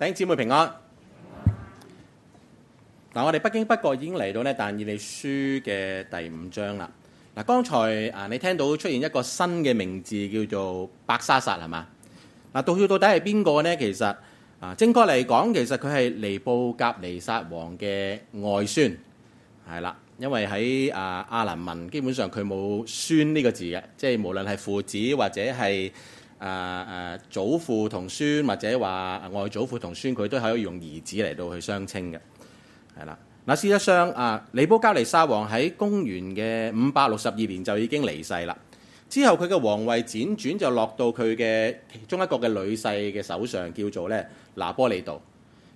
弟姊妹平安。嗱，我哋不經不覺已經嚟到咧但以理書嘅第五章啦。嗱，剛才啊，你聽到出現一個新嘅名字叫做伯沙撒係嘛？嗱，到底到底係邊個咧？其實啊，正確嚟講，其實佢係尼布甲尼撒王嘅外孫係啦。因為喺啊亞蘭文，基本上佢冇孫呢個字嘅，即係無論係父子或者係，啊啊，祖父同孫或者話外、啊、祖父同孫，佢都可以用兒子嚟到去相稱嘅，係啦。嗱，事實上啊，尼波加尼沙王喺公元嘅五百六十二年就已經離世啦。之後佢嘅王位輾轉就落到佢嘅其中一個嘅女婿嘅手上，叫做咧拿波利度。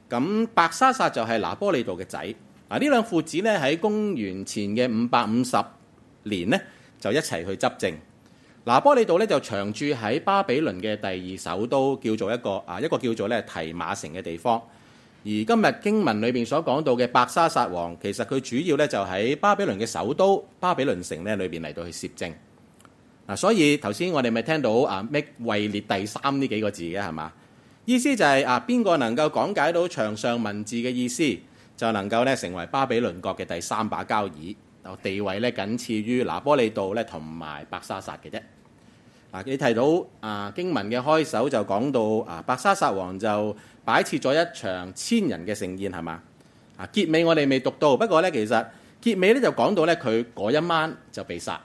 咁白莎薩就係拿波利度嘅仔。嗱、啊，呢兩父子咧喺公元前嘅五百五十年呢，就一齊去執政。嗱，波利道咧就長住喺巴比倫嘅第二首都，叫做一個啊一個叫做咧提馬城嘅地方。而今日經文裏面所講到嘅伯沙撒王，其實佢主要咧就喺巴比倫嘅首都巴比倫城咧裏邊嚟到去攝政。嗱，所以頭先我哋咪聽到啊咩位列第三呢幾個字嘅係嘛？意思就係、是、啊邊個能夠講解到牆上文字嘅意思，就能夠咧成為巴比倫國嘅第三把交椅。地位咧，僅次於拿波利道咧，同埋伯沙撒嘅啫。嗱，你提到啊經文嘅開首就講到啊伯沙撒王就擺設咗一場千人嘅盛宴係嘛？啊結尾我哋未讀到，不過咧其實結尾咧就講到咧佢嗰一晚就被殺。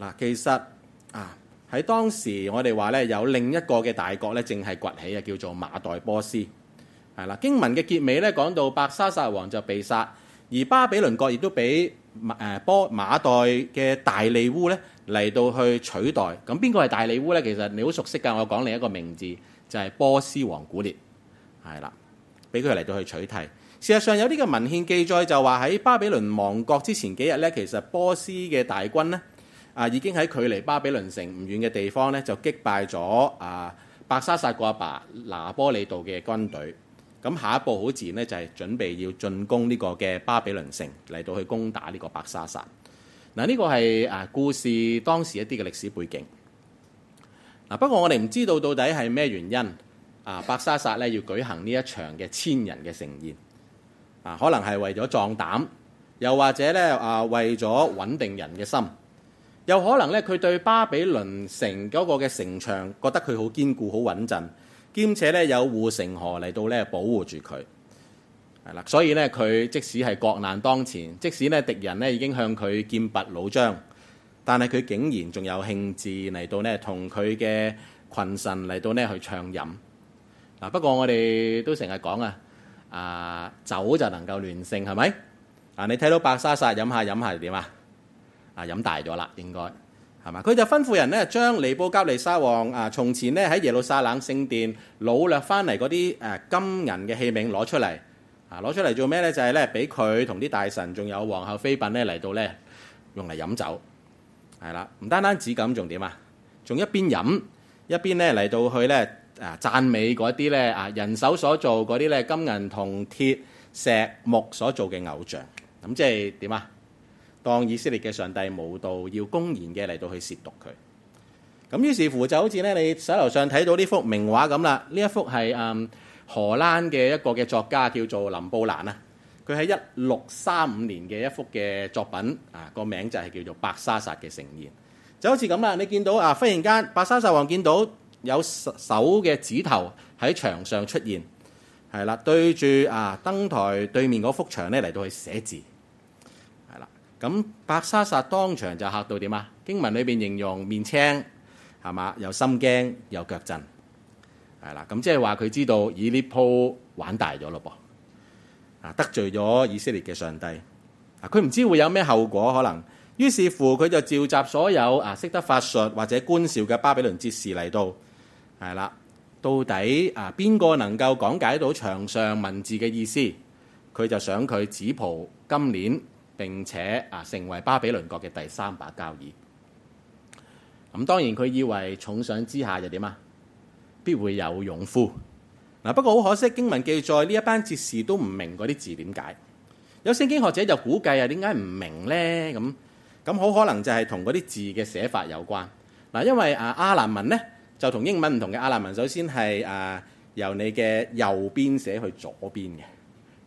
嗱，其實啊喺當時我哋話咧有另一個嘅大國咧正係崛起啊，叫做馬代波斯係啦。經文嘅結尾咧講到伯沙撒王就被殺。而巴比倫國亦都俾波馬代嘅大利烏咧嚟到去取代，咁邊個係大利烏呢？其實你好熟悉㗎，我講另一個名字就係波斯王古列，係啦，俾佢嚟到去取代。事實上有啲嘅文獻記載就話喺巴比倫亡國之前幾日呢，其實波斯嘅大軍呢啊已經喺距離巴比倫城唔遠嘅地方呢就擊敗咗啊白沙撒個阿爸拿波里度嘅軍隊。咁下一步好自然咧，就係準備要進攻呢個嘅巴比倫城，嚟到去攻打呢個伯沙撒。嗱，呢個係故事當時一啲嘅歷史背景。不過我哋唔知道到底係咩原因啊，伯沙撒咧要舉行呢一場嘅千人嘅盛宴，啊，可能係為咗壯膽，又或者咧啊，為咗穩定人嘅心，又可能咧佢對巴比倫城嗰個嘅城牆覺得佢好堅固、好穩陣。兼且咧有護城河嚟到咧保護住佢，係啦，所以咧佢即使係國難當前，即使咧敵人咧已經向佢劍拔弩張，但係佢竟然仲有興致嚟到咧同佢嘅群臣嚟到咧去暢飲。嗱，不過我哋都成日講啊，啊酒就能夠亂性係咪？嗱，你睇到伯沙撒飲下飲下點啊？啊飲大咗啦，應該。啊！佢就吩咐人咧，將尼布甲尼撒王啊，從前咧喺耶路撒冷聖殿擄掠翻嚟嗰啲金銀嘅器皿攞出嚟，啊攞出嚟做咩咧？就係咧俾佢同啲大臣，仲有皇后妃嬪咧嚟到咧用嚟飲酒，係啦。唔單單止咁，仲點啊？仲一邊飲一邊咧嚟到去咧誒讚美嗰啲咧啊人手所做嗰啲咧金銀銅鐵石木所做嘅偶像。咁即係點啊？當以色列嘅上帝舞蹈要公然嘅嚟到去褻瀆佢。咁於是乎就好似咧，你手頭上睇到呢幅名畫咁啦。呢一幅係嗯荷蘭嘅一個嘅作家叫做林布蘭是1635啊。佢喺一六三五年嘅一幅嘅作品啊，個名就係叫做《白沙撒嘅盛宴》。就好似咁啦，你見到啊，忽然間白沙撒王見到有手嘅指頭喺牆上出現，係啦，對住啊燈臺對面嗰幅牆咧嚟到去寫字。咁白沙撒當場就嚇到點啊？經文裏面形容面青係嘛，又心驚又腳震係啦。咁即係話佢知道以呢鋪玩大咗咯噃啊，得罪咗以色列嘅上帝啊，佢唔知會有咩後果可能。於是乎佢就召集所有啊識得法術或者觀兆嘅巴比倫哲士嚟到係啦。到底啊邊個能夠講解到牆上文字嘅意思？佢就想佢紫袍金鏈。並且啊，成為巴比倫國嘅第三把交椅。咁當然佢以為重賞之下就點啊？必會有勇夫嗱。不過好可惜，經文記載呢一班哲士都唔明嗰啲字點解。有聖經學者就估計啊，點解唔明呢？咁咁好可能就係同嗰啲字嘅寫法有關嗱。因為啊，亞蘭文呢，就同英文唔同嘅亞蘭文，首先係啊由你嘅右邊寫去左邊嘅。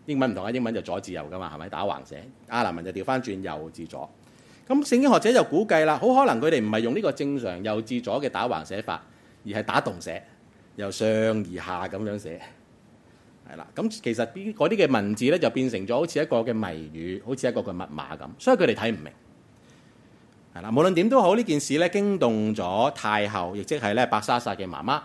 英文唔同啊，英文就左至右噶嘛，係咪打橫寫？亞蘭文就調翻轉右至左。咁聖經學者就估計啦，好可能佢哋唔係用呢個正常右至左嘅打橫寫法，而係打棟寫，由上而下咁樣寫。係啦，咁其實啲嗰啲嘅文字咧就變成咗好似一個嘅謎語，好似一個嘅密碼咁，所以佢哋睇唔明。係啦，無論點都好，呢件事咧驚動咗太后，亦即係咧伯沙撒嘅媽媽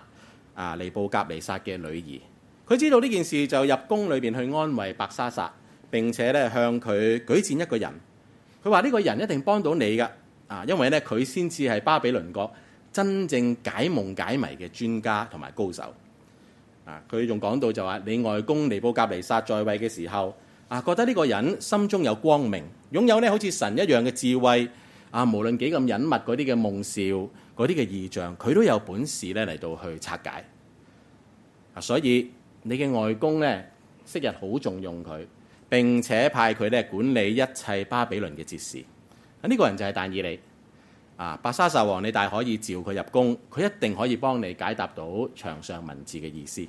啊，尼布甲尼撒嘅女兒。佢知道呢件事就入宮裏面去安慰伯沙撒，並且咧向佢舉薦一個人。佢話呢個人一定幫到你㗎，啊，因為咧佢先至係巴比倫國真正解夢解謎嘅專家同埋高手。啊，佢仲講到就話：你外公尼布甲尼撒在位嘅時候，啊，覺得呢個人心中有光明，擁有咧好似神一樣嘅智慧。啊，無論幾咁隱密嗰啲嘅夢兆、嗰啲嘅異象，佢都有本事咧嚟到去拆解。啊，所以。你嘅外公呢，昔日好重用佢，並且派佢呢管理一切巴比倫嘅節事。呢、啊這個人就係但以理。啊，伯沙撒王，你大可以召佢入宮，佢一定可以幫你解答到牆上文字嘅意思。於、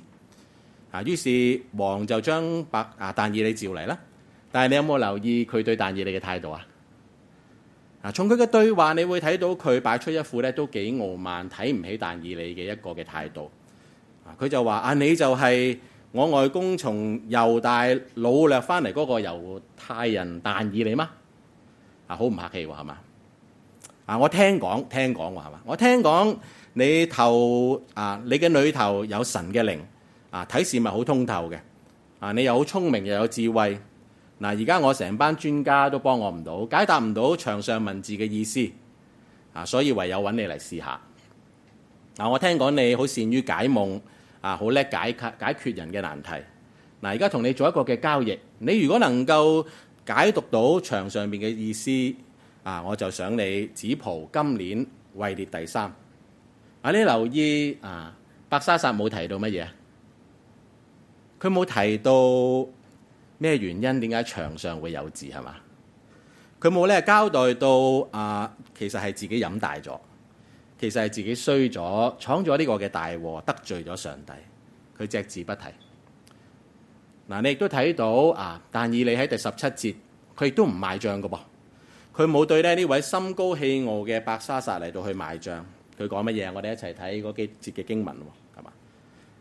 啊、是王就將白啊但以理召嚟啦。但係你有冇留意佢對但以理嘅態度啊？從佢嘅對話，你會睇到佢擺出一副呢都幾傲慢，睇唔起但以理嘅一個嘅態度。佢就話：啊，你就係我外公從猶大擄掠翻嚟嗰個猶太人但以理你嗎？啊，好唔客氣喎，係嘛？啊，我聽講聽講喎，係嘛？我聽講你頭啊，你嘅裏頭有神嘅靈啊，睇事物好通透嘅啊，你又好聰明又有智慧。嗱，而家我成班專家都幫我唔到，解答唔到牆上文字嘅意思啊，所以唯有揾你嚟試下。嗱，我聽講你好善於解夢。啊，好叻解解解決人嘅難題。嗱、啊，而家同你做一個嘅交易，你如果能夠解讀到牆上面嘅意思，啊，我就想你紫袍今年位列第三。啊，你留意啊，伯沙撒冇提到乜嘢，佢冇提到咩原因，點解牆上會有字係嘛？佢冇咧交代到啊，其實係自己飲大咗。其實係自己衰咗，闖咗呢個嘅大禍，得罪咗上帝。佢隻字不提。嗱、啊，你亦都睇到啊，但以理喺第十七節，佢亦都唔賣賬噶噃。佢冇對呢位心高氣傲嘅伯沙撒嚟到去賣賬。佢講乜嘢？我哋一齊睇嗰幾節嘅經文咯，係嘛？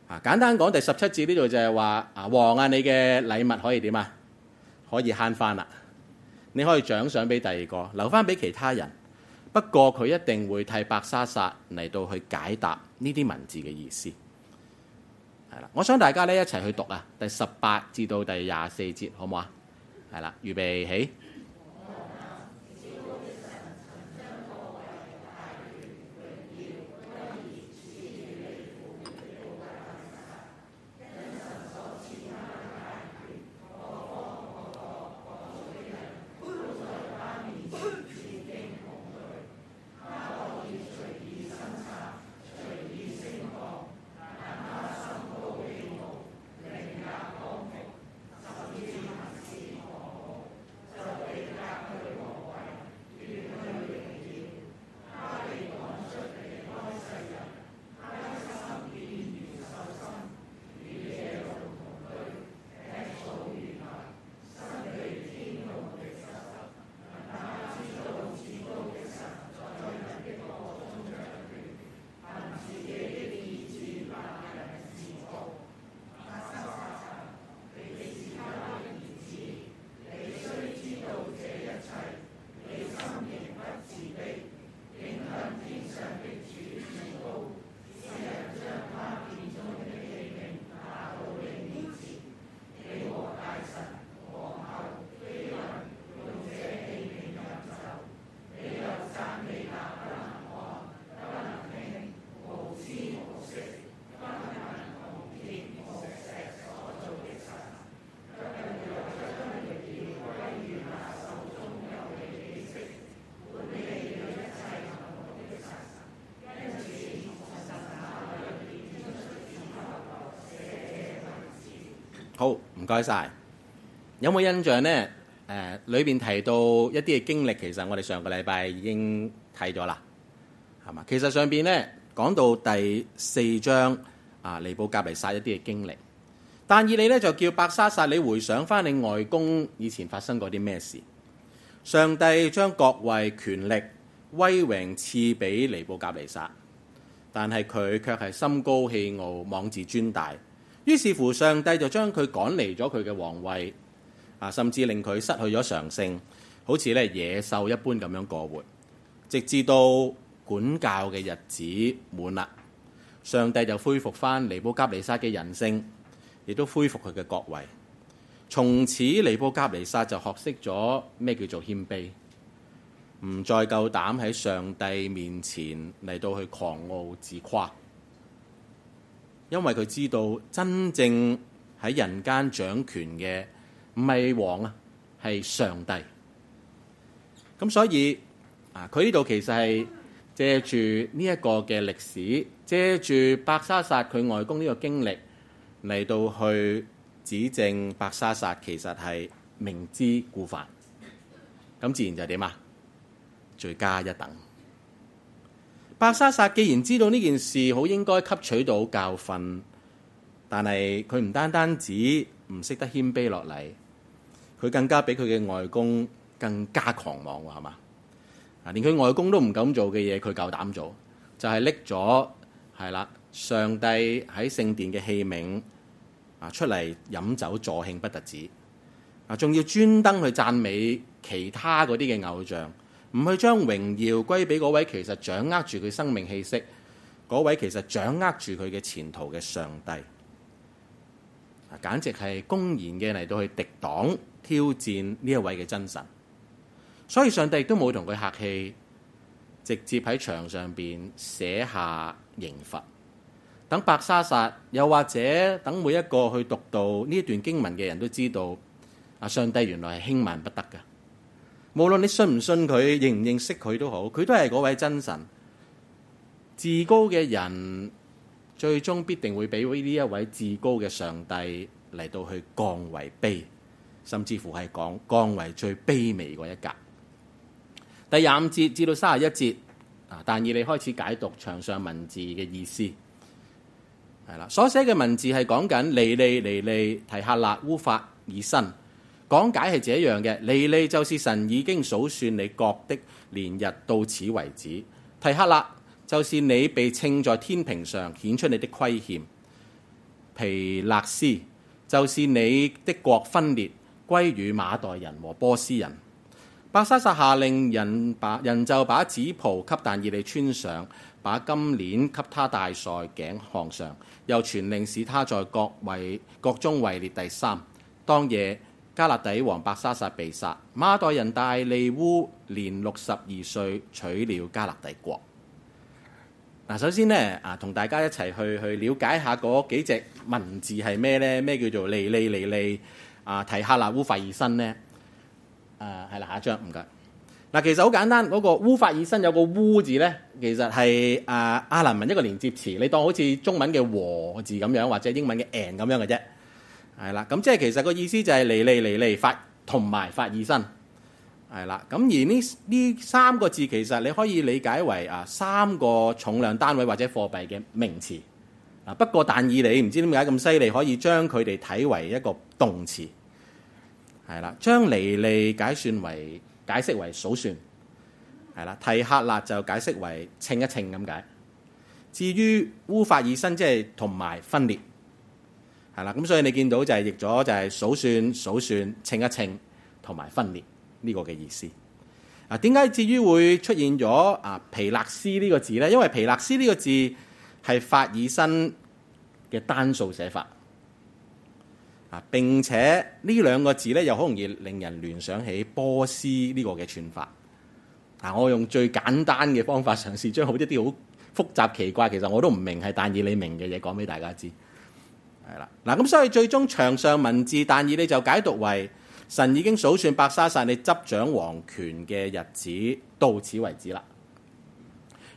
啊，簡單講第十七節呢度就係話啊王啊你嘅禮物可以點啊？可以慳翻啦，你可以獎賞俾第二個，留翻俾其他人。不過佢一定會替伯沙撒嚟到去解答呢啲文字嘅意思，係啦。我想大家呢一齊去讀啊，第十八至到第廿四節，好唔好啊？係啦，預備起。唔該晒，有冇印象呢？誒、呃，裏面提到一啲嘅經歷，其實我哋上個禮拜已經睇咗啦，係嘛？其實上邊咧講到第四章啊，尼布甲尼撒一啲嘅經歷，但以理咧就叫白沙撒你回想返你外公以前發生過啲咩事？上帝將國位、權力、威榮賜俾尼布甲尼撒，但係佢卻係心高氣傲、妄自尊大。於是乎，上帝就將佢趕離咗佢嘅皇位，啊，甚至令佢失去咗常性，好似咧野獸一般咁樣過活，直至到管教嘅日子滿啦，上帝就恢復翻尼布甲尼撒嘅人性，亦都恢復佢嘅國位。從此，尼布甲尼撒就學識咗咩叫做謙卑，唔再夠膽喺上帝面前嚟到去狂傲自誇。因為佢知道真正喺人間掌權嘅唔係王啊，係上帝。咁所以啊，佢呢度其實係借住呢一個嘅歷史，借住伯沙撒佢外公呢個經歷嚟到去指證伯沙撒其實係明知故犯。咁自然就點啊？罪加一等。伯沙撒既然知道呢件事，好應該吸取到教訓，但係佢唔單單止唔識得謙卑落嚟，佢更加俾佢嘅外公更加狂妄喎，係嘛？啊，連佢外公都唔敢做嘅嘢，佢夠膽做，就係拎咗係啦，上帝喺聖殿嘅器皿啊出嚟飲酒助興不特止啊，仲要專登去讚美其他嗰啲嘅偶像。唔去將榮耀歸俾嗰位，其實掌握住佢生命氣息，嗰位其實掌握住佢嘅前途嘅上帝，啊簡直係公然嘅嚟到去敵擋挑戰呢一位嘅真神，所以上帝都冇同佢客氣，直接喺牆上邊寫下刑罰，等伯沙撒，又或者等每一個去讀到呢一段經文嘅人都知道，啊，上帝原來係輕慢不得噶。無論你信唔信佢，認唔認識佢都好，佢都係嗰位真神。至高嘅人最終必定會俾呢一位至高嘅上帝嚟到去降為卑，甚至乎係講降為最卑微嗰一格。第廿五節至到三十一節，啊，但以理開始解讀牆上文字嘅意思係啦，所寫嘅文字係講緊尼利尼利提客勒烏法珥新。講解係這樣嘅，利利就是神已經數算你國的年日到此為止。提克勒就是你被稱在天平上顯出你的虧欠。皮勒斯就是你的國分裂歸於馬代人和波斯人。白沙撒下令人把人就把紫袍給但以理穿上，把金鏈給他戴在頸項上，又全令使他在國位國中位列第三。當夜。加勒底王伯沙撒被殺，馬代人大利烏年六十二歲，取了加勒底國。嗱，首先呢，啊，同大家一齊去去了解一下嗰幾隻文字係咩呢？咩叫做利利利利啊？提哈納烏法爾新呢？啊，係啦、啊，下一張唔該。嗱、啊，其實好簡單，嗰、那個烏法爾新有個烏字呢，其實係啊阿蘭文一個連接詞，你當好似中文嘅和字咁樣，或者英文嘅 and 咁樣嘅啫。係啦，咁即係其實個意思就係離離離離法同埋法爾新，係啦。咁而呢呢三個字其實你可以理解為啊三個重量單位或者貨幣嘅名詞。啊，不過但以理唔知點解咁犀利，可以將佢哋睇為一個動詞。係啦，將離離解算為解釋為數算。係啦，提客勒就解釋為稱一稱咁解。至於烏法爾新，即係同埋分裂。係、嗯、啦，咁所以你見到就係譯咗，就係、是、數算、數算、稱一稱，同埋分裂呢、這個嘅意思。嗱、啊，點解至於會出現咗啊皮勒斯呢個字呢？因為皮勒斯呢個字係法爾新嘅單數寫法啊。並且呢兩個字呢又好容易令人聯想起波斯呢個嘅串法。嗱、啊，我用最簡單嘅方法嘗試將好一啲好複雜奇怪，其實我都唔明係，是但以你明嘅嘢講俾大家知。係啦，嗱咁，所以最終牆上文字，但意，你就解讀為神，已經數算伯沙撒你執掌皇權嘅日子到此為止啦。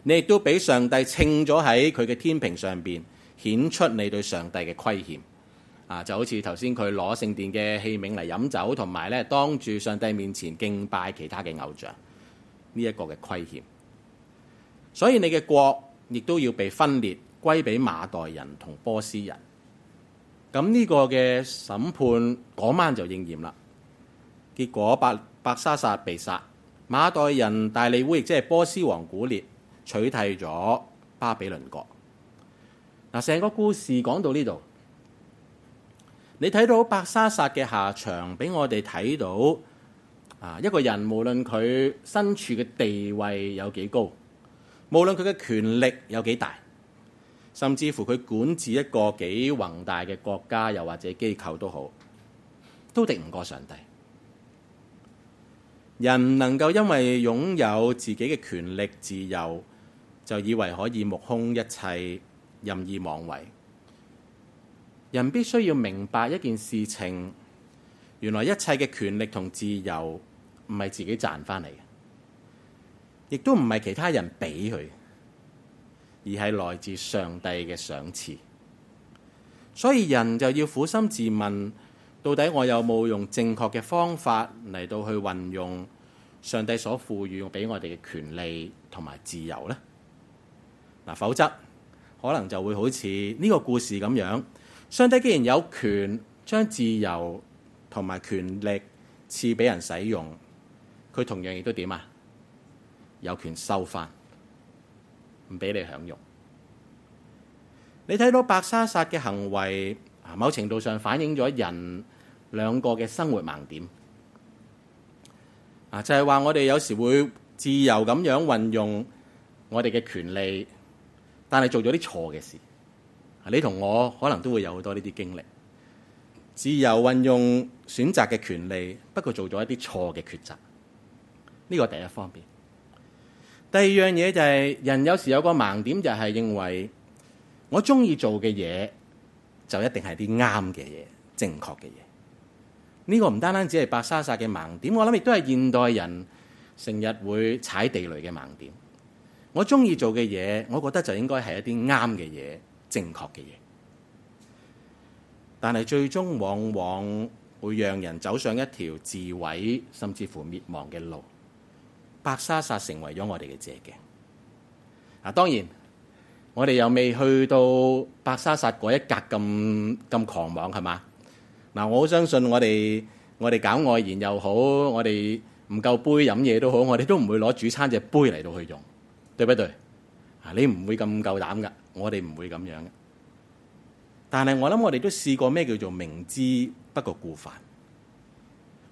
你亦都俾上帝稱咗喺佢嘅天平上邊，顯出你對上帝嘅虧欠啊，就好似頭先佢攞聖殿嘅器皿嚟飲酒，同埋咧當住上帝面前敬拜其他嘅偶像呢一個嘅虧欠。所以你嘅國亦都要被分裂，歸俾馬代人同波斯人。咁呢個嘅審判嗰晚就應驗啦。結果伯，伯，伯沙撒被殺，馬代人大利烏亦即係波斯王古列取替咗巴比倫國。嗱，成個故事講到呢度，你睇到伯沙撒嘅下場，俾我哋睇到啊，一個人無論佢身處嘅地位有幾高，無論佢嘅權力有幾大。甚至乎佢管治一個幾宏大嘅國家，又或者機構都好，都敵唔過上帝。人唔能夠因為擁有自己嘅權力、自由，就以為可以目空一切、任意妄為。人必須要明白一件事情：原來一切嘅權力同自由唔係自己賺翻嚟嘅，亦都唔係其他人俾佢。而係來自上帝嘅賞賜，所以人就要苦心自問，到底我有冇用正確嘅方法嚟到去運用上帝所賦予俾我哋嘅權利同埋自由呢？嗱，否則可能就會好似呢個故事咁樣，上帝既然有權將自由同埋權力賜俾人使用，佢同樣亦都點啊？有權收返。唔俾你享用。你睇到伯沙撒嘅行為，某程度上反映咗人兩個嘅生活盲點。啊，就係、是、話我哋有時會自由咁樣運用我哋嘅權利，但係做咗啲錯嘅事。你同我可能都會有好多呢啲經歷，自由運用選擇嘅權利，不過做咗一啲錯嘅抉擇。呢個第一方面。第二樣嘢就係、是、人有時有個盲點，就係認為我中意做嘅嘢就一定係啲啱嘅嘢、正確嘅嘢。呢、這個唔單單只係伯沙撒嘅盲點，我諗亦都係現代人成日會踩地雷嘅盲點。我中意做嘅嘢，我覺得就應該係一啲啱嘅嘢、正確嘅嘢。但係最終往往會讓人走上一條自毀甚至乎滅亡嘅路。伯沙撒成為咗我哋嘅借鏡。嗱，當然我哋又未去到伯沙撒嗰一格咁咁狂妄係嘛？嗱，我好相信我哋我哋搞外延又好，我哋唔夠杯飲嘢都好，我哋都唔會攞主餐隻杯嚟到去用，對不對？啊，你唔會咁夠膽㗎，我哋唔會咁樣嘅。但係我諗我哋都試過咩叫做明知不過故犯。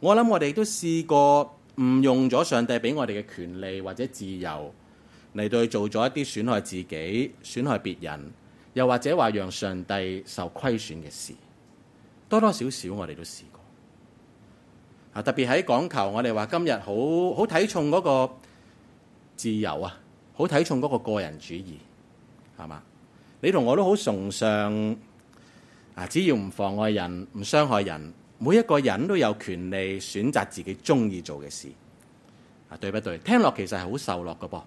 我諗我哋都試過。唔用咗上帝俾我哋嘅權利或者自由嚟到做咗一啲損害自己、損害別人，又或者話讓上帝受虧損嘅事，多多少少我哋都試過。啊，特別喺講求我哋話今日好好睇重嗰個自由啊，好睇重嗰個個人主義，係嘛？你同我都好崇尚啊，只要唔妨礙人、唔傷害人。每一個人都有權利選擇自己鍾意做嘅事，啊，對不對？聽落其實係好受落嘅噃，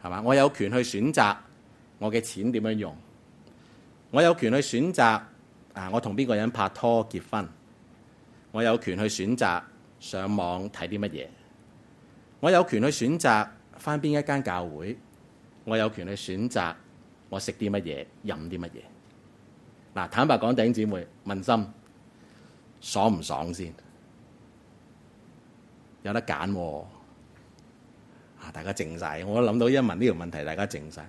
係嘛？我有權去選擇我嘅錢點樣用，我有權去選擇啊，我同邊個人拍拖結婚，我有權去選擇上網睇啲乜嘢，我有權去選擇返邊一間教會，我有權去選擇我食啲乜嘢、飲啲乜嘢。嗱，坦白講，頂姊妹，問心。爽唔爽先？有得揀喎、啊！啊，大家靜晒！我諗到一問呢條問題，大家靜晒！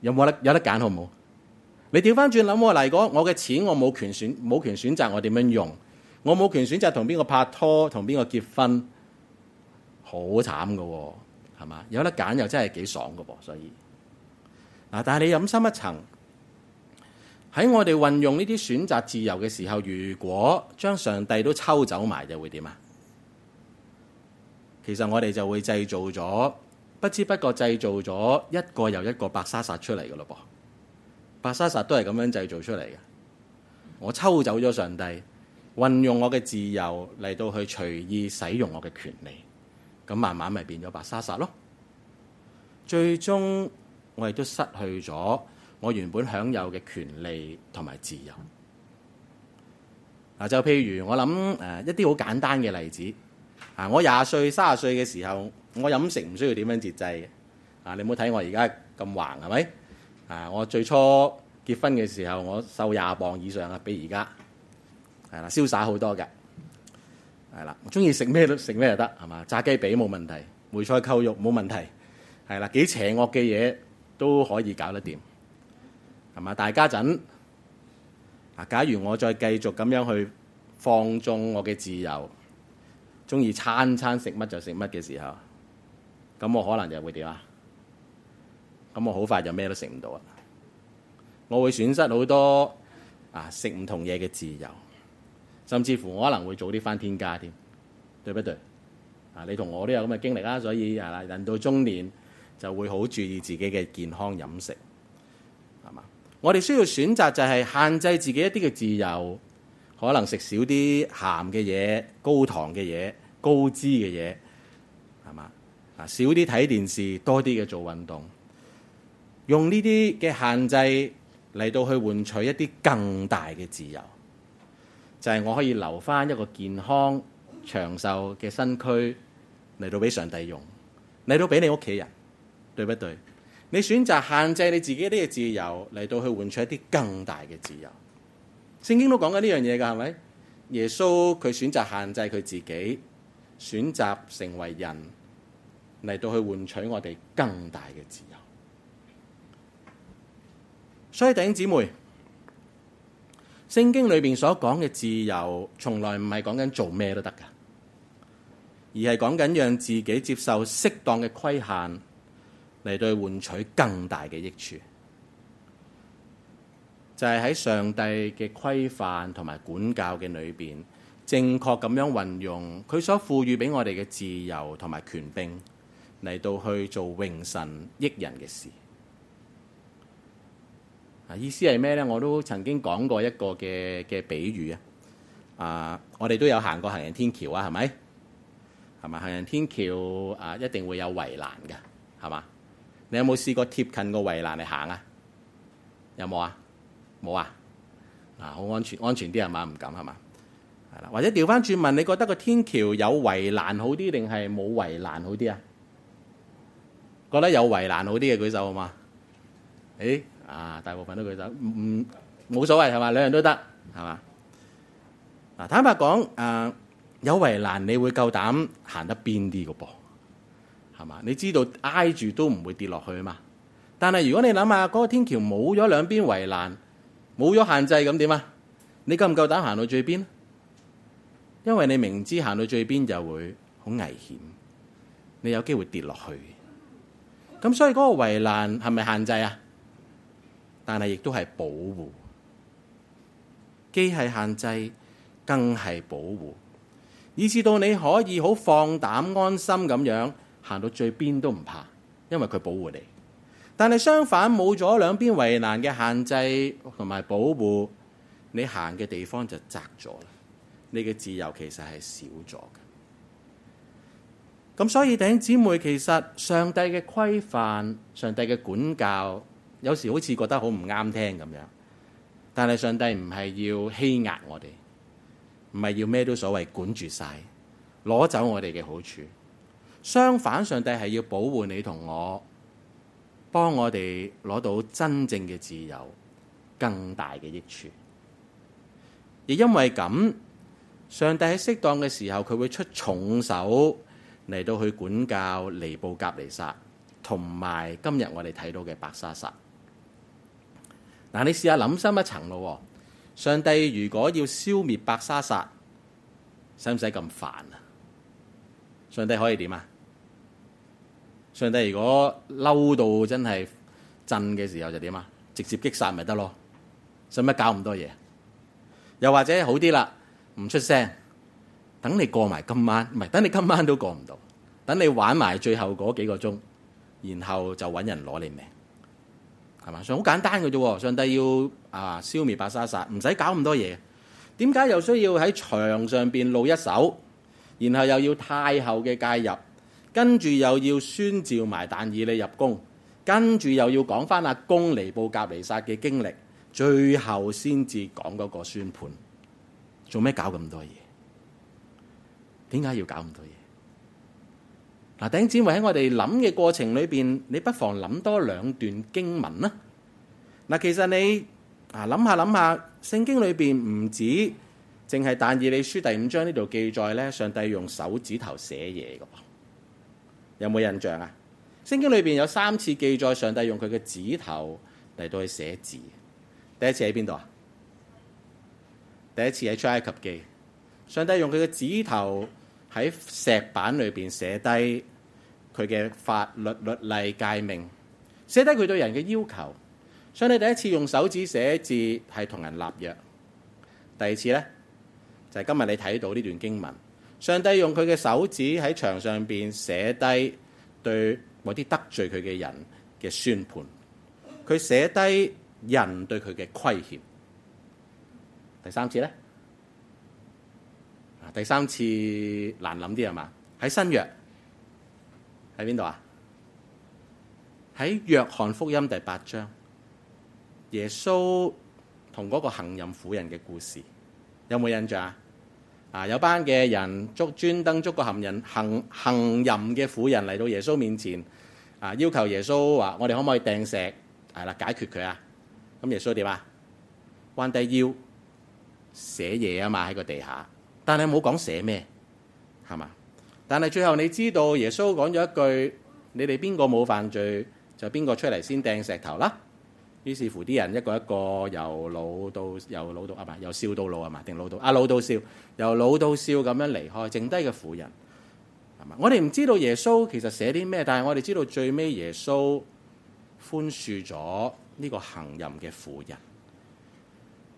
有冇得有得揀好冇？你調翻轉諗喎，嚟講我嘅錢，我冇權選，冇權選擇我點樣用，我冇權選擇同邊個拍拖，同邊個結婚，好慘噶喎、啊，係嘛？有得揀又真係幾爽噶噃、啊，所以嗱、啊，但係你諗深一層，喺我哋運用呢啲選擇自由嘅時候，如果將上帝都抽走埋，就會點啊？其實我哋就會製造咗，不知不覺製造咗一個又一個伯沙撒出嚟噶咯噃。伯沙撒都係咁樣製造出嚟嘅。我抽走咗上帝，運用我嘅自由嚟到去隨意使用我嘅權利，咁慢慢咪變咗伯沙撒咯。最終我哋都失去咗我原本享有嘅權利同埋自由，就譬如我諗一啲好簡單嘅例子啊。我廿歲，卅歲嘅時候，我飲食唔需要點樣節制啊。你冇睇我而家咁橫係咪啊？我最初結婚嘅時候，我瘦廿磅以上，比而家係啦，瀟灑好多嘅係啦。我中意食咩都食咩就得，炸雞髀冇問題，梅菜扣肉冇問題係啦。幾邪惡嘅嘢都可以搞得掂。係嘛？大家陣啊！假如我再繼續咁樣去放縱我嘅自由，中意餐餐食乜就食乜嘅時候，咁我可能就會點啊？咁我好快就咩都食唔到啊！我會損失好多啊，食唔同嘢嘅自由，甚至乎我可能會早啲翻天家添，對不對？啊！你同我都有咁嘅經歷啦，所以啊，人到中年就會好注意自己嘅健康飲食。我哋需要選擇就係限制自己一啲嘅自由，可能食少啲鹹嘅嘢、高糖嘅嘢、高脂嘅嘢，係嘛？啊，少啲睇電視，多啲嘅做運動，用呢啲嘅限制嚟到去換取一啲更大嘅自由，就係、是、我可以留翻一個健康長壽嘅身軀嚟到俾上帝用，嚟到俾你屋企人，對不對？你選擇限制你自己啲嘅自由，嚟到去換取一啲更大嘅自由，聖經都講緊呢樣嘢噶，係咪？耶穌佢選擇限制佢自己，選擇成為人嚟到去換取我哋更大嘅自由。所以弟兄姊妹，聖經裏面所講嘅自由，從來唔係講緊做咩都得噶，而係講緊讓自己接受適當嘅規限。嚟到換取更大嘅益處，就係、是、喺上帝嘅規範同埋管教嘅裏面，正確咁樣運用佢所賦予俾我哋嘅自由同埋權柄，嚟到去做榮神益人嘅事。啊，意思係咩呢？我都曾經講過一個嘅嘅比喻啊。啊，我哋都有行過行人天橋啊，係咪？行人天橋啊，一定會有圍欄嘅，係嘛？你有冇試過貼近個圍欄嚟行啊？有冇啊？冇啊？嗱，好安全，安全啲係嘛？唔敢係嘛？係啦，或者調翻轉問，你覺得個天橋有圍欄好啲，定係冇圍欄好啲啊？覺得有圍欄好啲嘅舉手好嘛？誒、哎，啊，大部分都舉手，唔冇所謂係嘛？兩樣都得係嘛？嗱、啊，坦白講、啊，有圍欄你會夠膽行得邊啲嘅噃？你知道挨住都唔會跌落去嘛？但係如果你諗下嗰個天橋冇咗兩邊圍欄，冇咗限制咁點啊？你夠唔夠膽行到最邊？因為你明知行到最邊就會好危險，你有機會跌落去。咁所以嗰個圍欄係咪限制啊？但係亦都係保護，既係限制，更係保護，以至到你可以好放膽安心咁樣。行到最邊都唔怕，因為佢保護你。但係相反，冇咗兩邊圍欄嘅限制同埋保護，你行嘅地方就窄咗啦。你嘅自由其實係少咗嘅。咁所以弟兄姊妹，其實上帝嘅規範、上帝嘅管教，有時候好似覺得好唔啱聽咁樣。但係上帝唔係要欺壓我哋，唔係要咩都所謂管住晒，攞走我哋嘅好處。相反，上帝係要保護你同我，幫我哋攞到真正嘅自由，更大嘅益處。亦因為咁，上帝喺適當嘅時候，佢會出重手嚟到去管教尼布甲尼撒，同埋今日我哋睇到嘅伯沙撒。嗱，你試下諗深一層咯。上帝如果要消滅伯沙撒，使唔使咁煩啊？上帝可以點啊？上帝如果嬲到真係震嘅時候就點啊？直接擊殺咪得咯，使乜搞咁多嘢？又或者好啲啦，唔出聲，等你過埋今晚，唔係等你今晚都過唔到，等你玩埋最後嗰幾個鐘，然後就揾人攞你命，係嘛？好簡單嘅啫，上帝要啊消滅伯沙撒，唔使搞咁多嘢。點解又需要喺牆上邊露一手，然後又要太后嘅介入？跟住又要宣召埋但以理入宮，跟住又要講翻阿公尼布甲尼撒嘅經歷，最後先至講嗰個宣判。做咩搞咁多嘢？點解要搞咁多嘢？嗱、啊，頂子，喺我哋諗嘅過程裏邊，你不妨諗多兩段經文啦。嗱、啊，其實你啊諗下諗下，聖經裏邊唔止淨係但以理書第五章呢度記載咧，上帝用手指頭寫嘢噶。有冇印象啊？聖經裏邊有三次記載上帝用佢嘅指頭嚟到去寫字。第一次喺邊度啊？第一次喺出埃及記，上帝用佢嘅指頭喺石板裏邊寫低佢嘅法律律例、誡命，寫低佢對人嘅要求。上帝第一次用手指寫字係同人立約。第二次咧就係、是、今日你睇到呢段經文。上帝用佢嘅手指喺牆上邊寫低對某啲得罪佢嘅人嘅宣判，佢寫低人對佢嘅虧欠。第三次呢？第三次難諗啲係嘛？喺新約，喺邊度啊？喺約翰福音第八章，耶穌同嗰個行淫婦人嘅故事，有冇印象啊？啊！有班嘅人捉專登捉個行人行行淫嘅婦人嚟到耶穌面前啊，要求耶穌話：我哋可唔可以掟石係啦，解決佢啊？咁耶穌點啊？彎低腰寫嘢啊嘛喺個地下，但係冇講寫咩係嘛？但係最後你知道耶穌講咗一句：你哋邊個冇犯罪，就邊個出嚟先掟石頭啦。於是乎啲人一個一個由老到由老到，啊嘛由笑到老係嘛？定老到啊老到笑由老到笑咁樣離開，剩低嘅婦人係嘛？我哋唔知道耶穌其實寫啲咩，但係我哋知道最尾耶穌寬恕咗呢個行淫嘅婦人。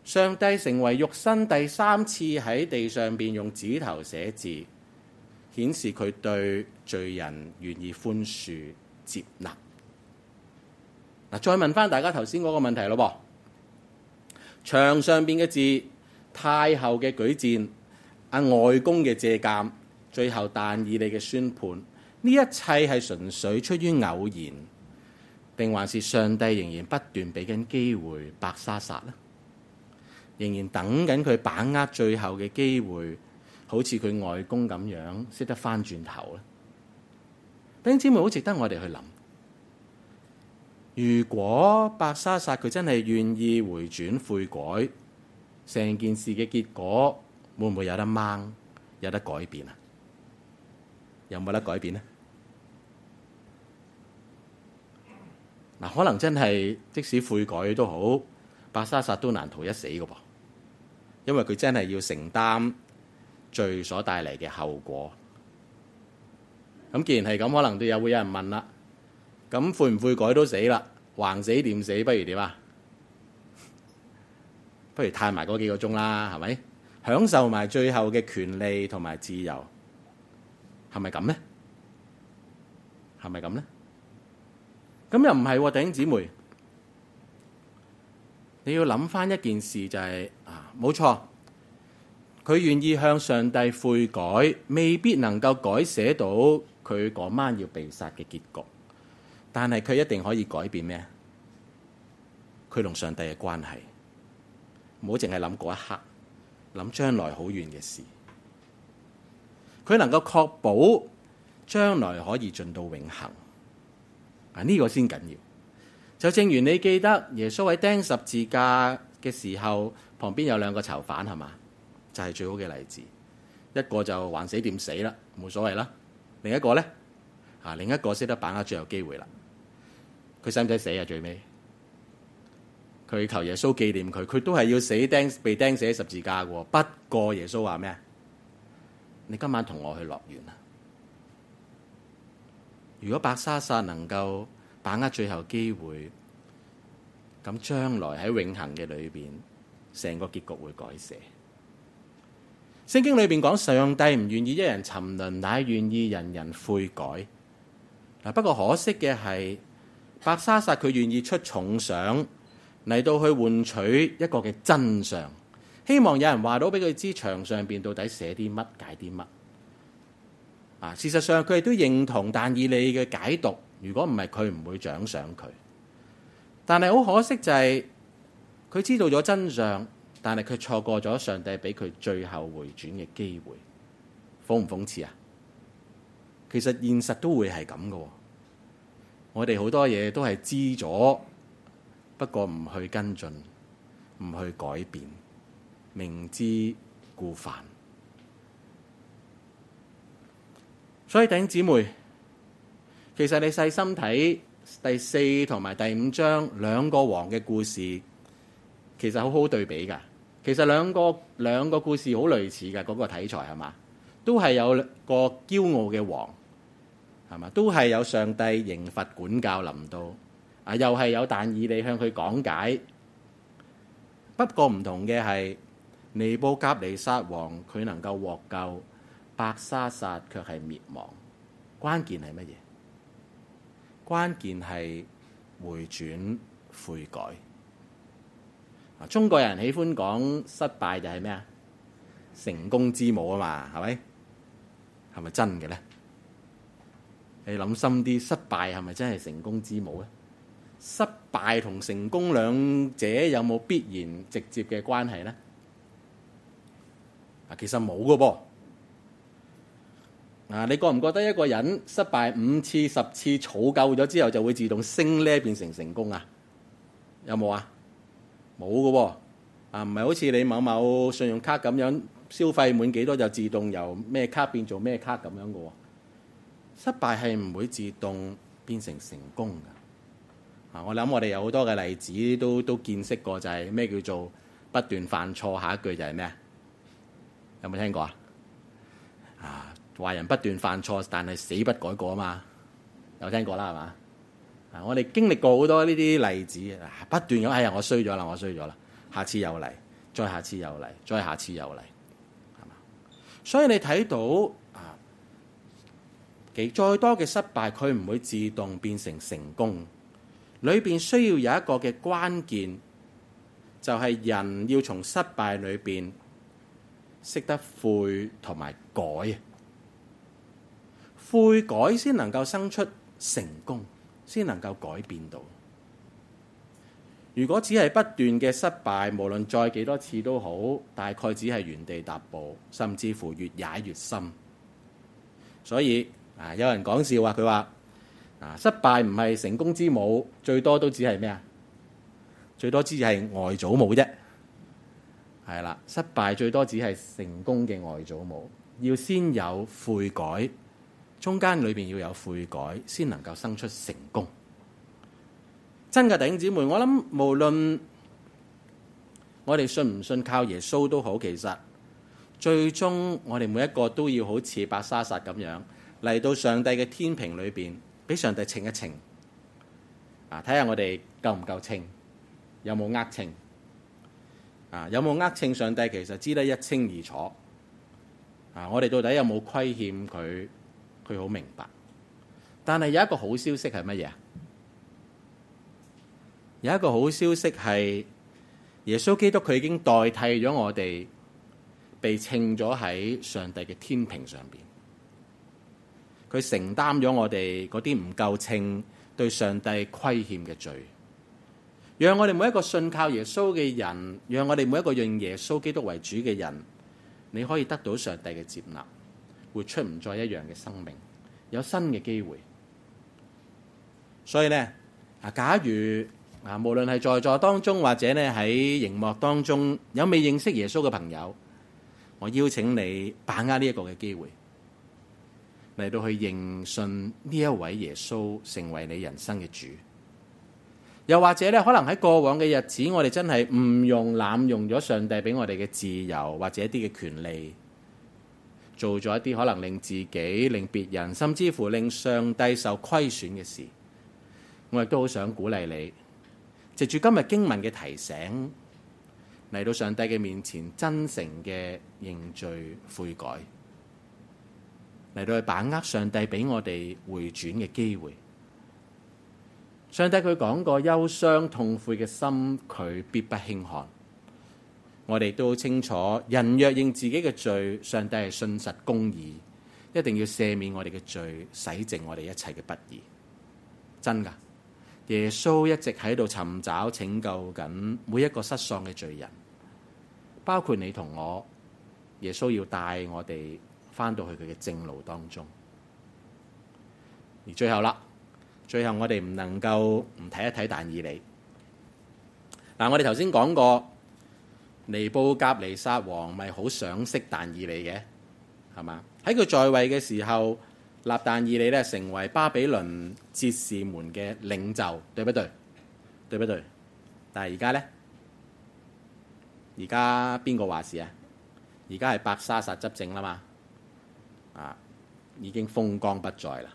上帝成為肉身第三次喺地上面用指頭寫字，顯示佢對罪人願意寬恕接納。再問翻大家頭先嗰個問題咯，牆上邊嘅字，太后嘅舉薦，阿外公嘅借鑒，最後但以理嘅宣判，呢一切係純粹出於偶然，定還是上帝仍然不斷俾緊機會伯沙撒咧？仍然等緊佢把握最後嘅機會，好似佢外公咁樣識得翻轉頭咧？弟兄姊妹好值得我哋去諗。如果伯沙撒佢真係願意回轉悔改，成件事嘅結果會唔會有得掹，有得改變啊？有冇得改變呢？嗱，可能真係即使悔改都好，伯沙撒都難逃一死嘅噃，因為佢真係要承擔罪所帶嚟嘅後果。咁既然係咁，可能都有會有人問啦。咁悔唔悔改都死啦，橫死掂死不如點啊？不如嘆埋嗰幾個鐘啦，係咪？享受埋最後嘅權利同埋自由，係咪咁咧？係咪咁咧？咁又唔係喎，弟兄姊妹，你要諗翻一件事就係啊，冇錯，佢願意向上帝悔改，未必能夠改寫到佢嗰晚要被殺嘅結局。但係佢一定可以改變咩？佢同上帝嘅關係，唔好淨係諗嗰一刻，諗將來好遠嘅事。佢能夠確保將來可以進到永恆，啊呢、這個先緊要。就正如你記得耶穌喺釘十字架嘅時候，旁邊有兩個囚犯係嘛，就係、是、最好嘅例子。一個就還死點死啦，冇所謂啦。另一個咧，啊另一個識得把握最後機會啦。佢使唔使死啊？最尾佢求耶穌紀念佢，佢都係要死釘被釘死十字架嘅。不過耶穌話咩？你今晚同我去樂園啊！如果伯沙撒能夠把握最後機會，咁將來喺永恆嘅裏邊，成個結局會改寫。聖經裏邊講，上帝唔願意一人沉淪，乃願意人人悔改嗱。不過可惜嘅係。白沙撒佢願意出重賞嚟到去換取一個嘅真相，希望有人話到俾佢知牆上邊到底寫啲乜解啲乜啊！事實上佢亦都認同，但以理嘅解讀，如果唔係佢唔會獎賞佢。但係好可惜就係、是、佢知道咗真相，但係佢錯過咗上帝俾佢最後回轉嘅機會，諷唔諷刺啊？其實現實都會係咁喎。我哋好多嘢都係知咗，不過唔去跟進，唔去改變，明知故犯。所以弟兄姊妹，其實你細心睇第四同埋第五章兩個王嘅故事，其實好好對比噶。其實兩個兩個故事好類似噶，嗰、那個題材係嘛，都係有個驕傲嘅王。係嘛，都係有上帝刑罰管教臨到，啊，又係有但以理向佢講解。不過唔同嘅係尼布甲尼撒王佢能夠獲救，伯沙撒卻係滅亡。關鍵係乜嘢？關鍵係回轉悔改。啊，中國人喜歡講失敗就係咩啊？成功之母啊嘛，係咪？係咪真嘅咧？你諗深啲，失敗係咪真係成功之母咧？失敗同成功兩者有冇必然直接嘅關係呢？其實冇㗎噃。你覺唔覺得一個人失敗五次、十次，儲夠咗之後就會自動升咧，變成成功啊？有冇啊？冇噶喎。唔係好似你某某信用卡咁樣，消費滿幾多就自動由咩卡變做咩卡咁樣㗎喎。失敗係唔會自動變成成功噶。啊，我諗我哋有好多嘅例子都都見識過、就是，就係咩叫做不斷犯錯。下一句就係咩？有冇聽過啊？啊，壞人不斷犯錯，但係死不改過啊嘛。有聽過啦係嘛？啊，我哋經歷過好多呢啲例子，不斷咁，哎呀，我衰咗啦，我衰咗啦，下次又嚟，再下次又嚟，再下次又嚟，係嘛？所以你睇到。幾再多嘅失敗，佢唔會自動變成成功。裏面需要有一個嘅關鍵，就係人要從失敗裏面識得悔同埋改，悔改先能夠生出成功，先能夠改變到。如果只係不斷嘅失敗，無論再幾多次都好，大概只係原地踏步，甚至乎越踩越深。所以。啊！有人講笑話，佢話啊，失敗唔係成功之母，最多都只係咩啊？最多只係外祖母啫，係啦。失敗最多只係成功嘅外祖母，要先有悔改，中間裏邊要有悔改，先能夠生出成功。真嘅，弟兄姊妹！我諗無論我哋信唔信靠耶穌都好，其實最終我哋每一個都要好似伯沙撒咁樣。嚟到上帝嘅天平裏邊，俾上帝稱一稱，啊，睇下我哋夠唔夠稱，有冇呃稱，啊，有冇呃稱，上帝其實知得一清二楚，啊，我哋到底有冇虧欠佢，佢好明白。但係有一個好消息係乜嘢？有一個好消息係耶穌基督佢已經代替咗我哋被稱咗喺上帝嘅天平上邊。佢承擔咗我哋嗰啲唔夠稱，對上帝虧欠嘅罪，讓我哋每一個信靠耶穌嘅人，讓我哋每一個認耶穌基督為主嘅人，你可以得到上帝嘅接納，活出唔再一樣嘅生命，有新嘅機會。所以呢，啊，假如啊，無論係在座當中或者呢喺熒幕當中有未認識耶穌嘅朋友，我邀請你把握呢一個嘅機會。嚟到去認信呢一位耶穌成為你人生嘅主，又或者咧，可能喺過往嘅日子，我哋真係誤用濫用咗上帝俾我哋嘅自由或者一啲嘅權利，做咗一啲可能令自己、令別人，甚至乎令上帝受虧損嘅事，我亦都好想鼓勵你，藉住今日經文嘅提醒，嚟到上帝嘅面前真誠嘅認罪悔改。嚟到去把握上帝俾我哋回轉嘅機會。上帝佢講過，憂傷痛悔嘅心，佢必不輕看。我哋都好清楚，人若認自己嘅罪，上帝係信實公義，一定要赦免我哋嘅罪，洗淨我哋一切嘅不義。真噶，耶穌一直喺度尋找拯救緊每一個失喪嘅罪人，包括你同我。耶穌要帶我哋，翻到去佢嘅正路當中，而最後啦，最後我哋唔能夠唔睇一睇但以理。嗱，我哋頭先講過，尼布甲尼撒王咪好賞識但以理嘅，係嘛？喺佢在位嘅時候，立但以理呢成為巴比倫哲士們嘅領袖，對不對？對不對？但係而家呢，而家邊個話事啊？而家係伯沙撒執政啦嘛。啊，已經風光不再啦！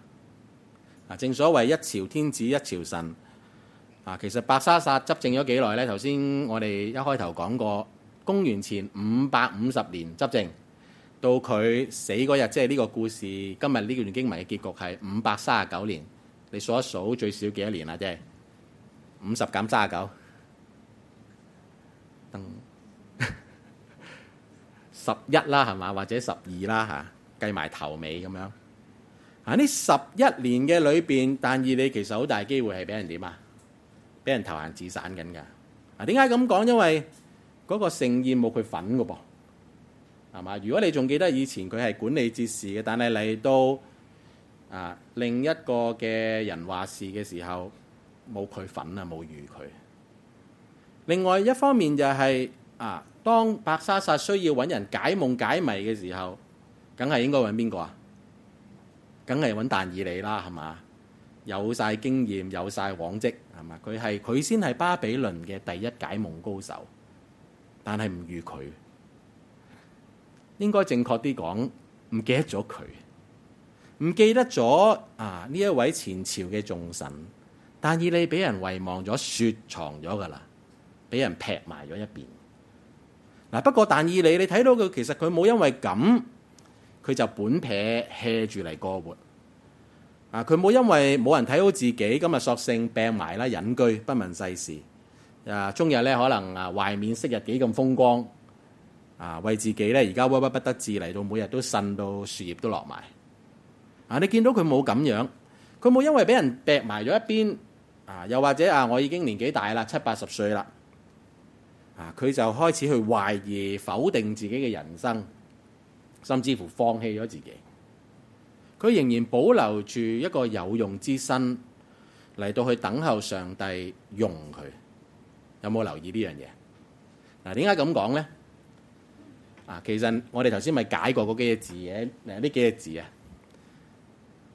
啊，正所謂一朝天子一朝臣啊，其實伯沙撒執政咗幾耐咧？頭先我哋一開頭講過，公元前五百五十年執政，到佢死嗰日，即係呢個故事，今日呢段經文嘅結局係五百三十九年。你數一數最少幾多年啦？即係五十減三十九，等 十一啦，係嘛？或者十二啦，吓？計埋頭尾咁樣喺呢、啊、十一年嘅裏邊，但以理其實好大機會係俾人點啊？俾人投閒置散緊噶啊！點解咁講？因為嗰個盛宴冇佢份噶噃，係嘛？如果你仲記得以前佢係管理之事嘅，但係嚟到啊另一個嘅人話事嘅時候，冇佢份啊，冇預佢。另外一方面就係、是、啊，當伯沙撒需要揾人解夢解迷嘅時候。梗係應該揾邊個啊？梗係揾但以理啦，係嘛？有晒經驗，有晒往績，係嘛？佢係佢先係巴比倫嘅第一解夢高手，但係唔如佢。應該正確啲講，唔記得咗佢，唔記得咗啊呢一位前朝嘅重臣。但以理俾人遺忘咗，雪藏咗㗎喇，俾人劈埋咗一邊。嗱，不過但以理，你睇到佢其實佢冇因為咁。佢就本撇 hea 住嚟過活，啊！佢冇因為冇人睇好自己，今日索性病埋啦，隱居不問世事。啊，終日咧可能啊懷緬昔日幾咁風光，啊為自己咧而家鬱鬱不得志，嚟到每日都呻到樹葉都落埋。啊！你見到佢冇咁樣，佢冇因為俾人劈埋咗一邊，啊！又或者啊我已經年紀大啦，七八十歲啦，啊！佢就開始去懷疑否定自己嘅人生。甚至乎放棄咗自己，佢仍然保留住一個有用之身嚟到去等候上帝用佢。有冇留意呢樣嘢？嗱，點解咁講咧？啊，其實我哋頭先咪解過嗰幾個字嘅，嗱呢幾個字啊。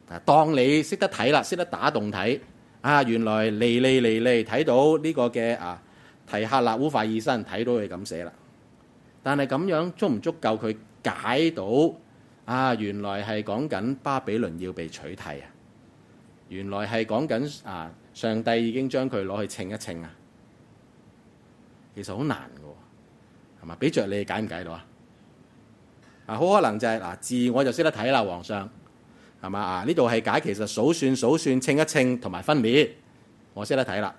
啊，當你識得睇啦，識得打動睇啊，原來嚟嚟嚟嚟睇到呢個嘅啊提客勒烏法珥新，睇到佢咁寫啦。但係咁樣足唔足夠佢？解到啊！原來係講緊巴比倫要被取替啊！原來係講緊啊！上帝已經將佢攞去稱一稱啊！其實好難嘅，係嘛？俾着你解唔解到啊？啊，好可能就係、是、嗱、啊，字我就識得睇啦，皇上係嘛啊？呢度係解，其實數算、數算、稱一稱同埋分別，我識得睇啦。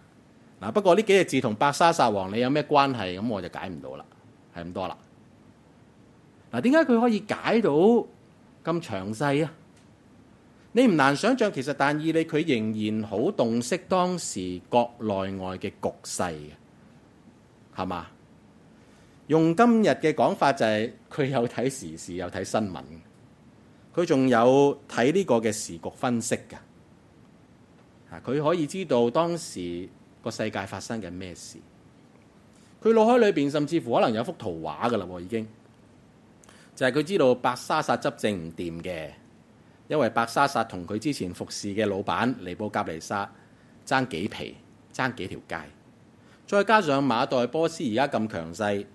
嗱，不過呢幾隻字同伯沙撒王你有咩關係？咁我就解唔到啦，係咁多啦。嗱，點解佢可以解到咁詳細啊？你唔難想象，其實但以理佢仍然好洞悉當時國內外嘅局勢嘅，係嘛？用今日嘅講法就係、是、佢有睇時事，有睇新聞，佢仲有睇呢個嘅時局分析嘅嚇。佢可以知道當時個世界發生緊咩事，佢腦海裏邊甚至乎可能有幅圖畫嘅啦，已經。就係、是、佢知道伯沙撒執政唔掂嘅，因為伯沙撒同佢之前服侍嘅老闆尼布甲尼撒爭幾皮、爭幾條街，再加上馬代波斯而家咁強勢，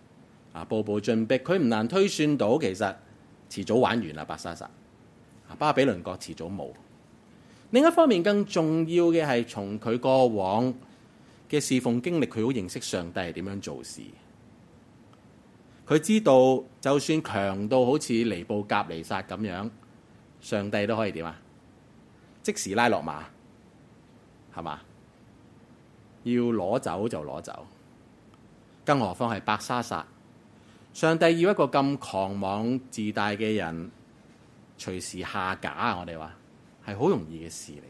步步進逼，佢唔難推算到其實遲早玩完啦伯沙撒，巴比倫國遲早冇。另一方面，更重要嘅係從佢過往嘅侍奉經歷，佢好認識上帝係點樣做事。佢知道，就算強到好似尼布甲尼撒咁樣，上帝都可以點啊？即時拉落馬，係嘛？要攞走就攞走，更何況係伯沙撒？上帝要一個咁狂妄自大嘅人隨時下架啊！我哋話係好容易嘅事嚟，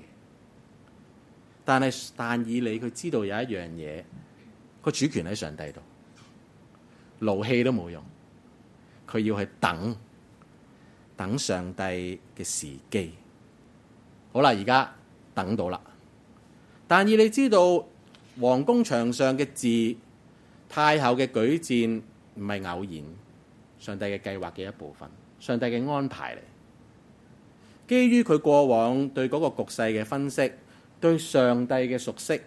但係但以理佢知道有一樣嘢，個主權喺上帝度。勞氣都冇用，佢要去等，等上帝嘅時機。好啦，而家等到啦。但以你知道，皇宮牆上嘅字，太后嘅舉薦唔係偶然，上帝嘅計劃嘅一部分，上帝嘅安排嚟。基於佢過往對嗰個局勢嘅分析，對上帝嘅熟悉，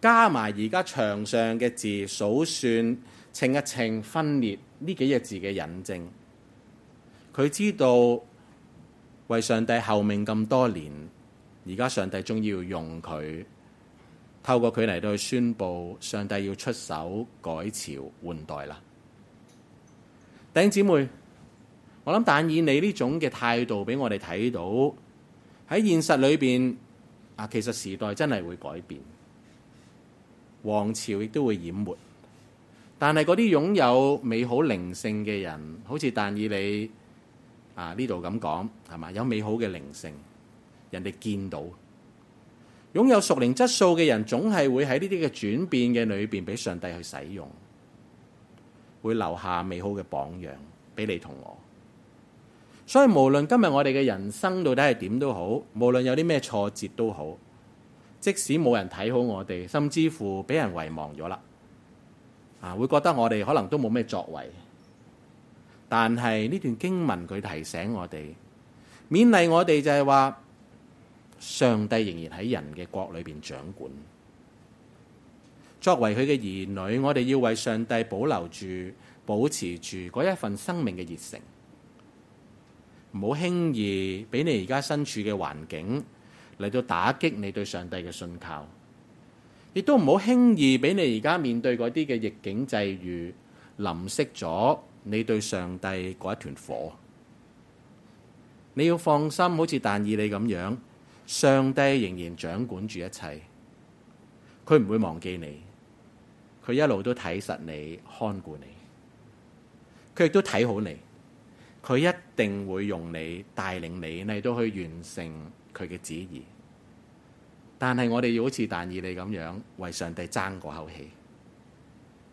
加埋而家牆上嘅字數算，情一情分裂呢幾隻字嘅引證，佢知道為上帝效命咁多年，而家上帝，終於要用佢，透過佢嚟到去宣布上帝要出手改朝換代啦。頂姊妹，我諗但以理呢種嘅態度俾我哋睇到喺現實裏邊啊，其實時代真係會改變，皇朝亦都會淹沒。但係嗰啲擁有美好靈性嘅人，好似但以理啊呢度咁講係嘛？有美好嘅靈性，人哋見到擁有屬靈質素嘅人，總係會喺呢啲嘅轉變嘅裏邊俾上帝去使用，會留下美好嘅榜樣俾你同我。所以無論今日我哋嘅人生到底係點都好，無論有啲咩挫折都好，即使冇人睇好我哋，甚至乎俾人遺忘咗啦。啊，會覺得我哋可能都冇咩作為，但係呢段經文佢提醒我哋，勉勵我哋就係話，上帝仍然喺人嘅國裏面掌管。作為佢嘅兒女，我哋要為上帝保留住、保持住嗰一份生命嘅熱誠，唔好輕易俾你而家身處嘅環境嚟到打擊你對上帝嘅信靠。亦都唔好輕易俾你而家面對嗰啲嘅逆境際遇，淋熄咗你對上帝嗰一團火。你要放心，好似但以理咁樣，上帝仍然掌管住一切，佢唔會忘記你，佢一路都睇實你，看顧你，佢亦都睇好你，佢一定會用你帶領你，嚟到去完成佢嘅旨意。但係我哋要好似但以理咁樣為上帝爭個口氣，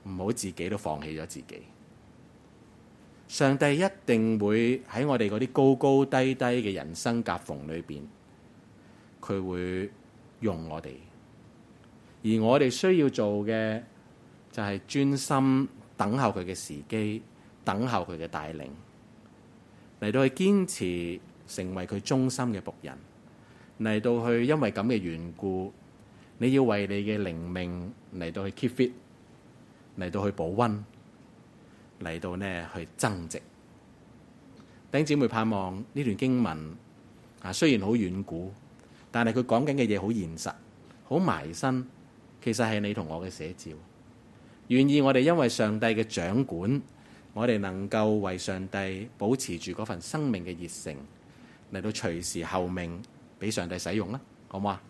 唔好自己都放棄咗自己。上帝一定會喺我哋嗰啲高高低低嘅人生夾縫裏邊，佢會用我哋，而我哋需要做嘅就係、是、專心等候佢嘅時機，等候佢嘅帶領，嚟到去堅持成為佢忠心嘅僕人。嚟到去，因為咁嘅緣故，你要為你嘅靈命嚟到去 keep fit，嚟到去保溫，嚟到呢去增值。弟兄姊妹盼望，呢段經文啊，雖然好遠古，但係佢講緊嘅嘢好現實，好埋身。其實係你同我嘅寫照。願意我哋因為上帝嘅掌管，我哋能夠為上帝保持住嗰份生命嘅熱誠，嚟到隨時候命。俾上帝使用啦，好唔好啊？